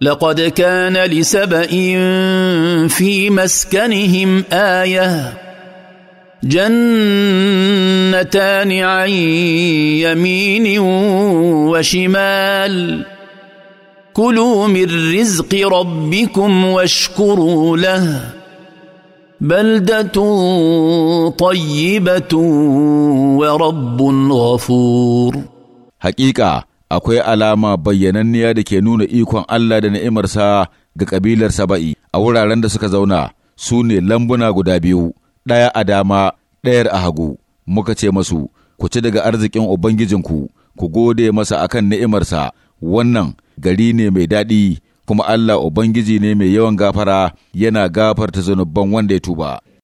لقد كان لسبا في مسكنهم ايه جنتان عن يمين وشمال كلوا من رزق ربكم واشكروا له بلده طيبه ورب غفور حقيقه akwai alama bayyananniya da ke nuna ikon Allah da ni'imarsa ga kabilar Saba'i a wuraren da suka zauna su ne lambuna guda biyu ɗaya a dama ɗayar a hagu muka ce masu ku ci daga arzikin ubangijinku ku gode masa akan ni'imarsa wannan gari ne mai daɗi kuma Allah ubangiji ne mai yawan gafara yana gafarta zunuban wanda ya tuba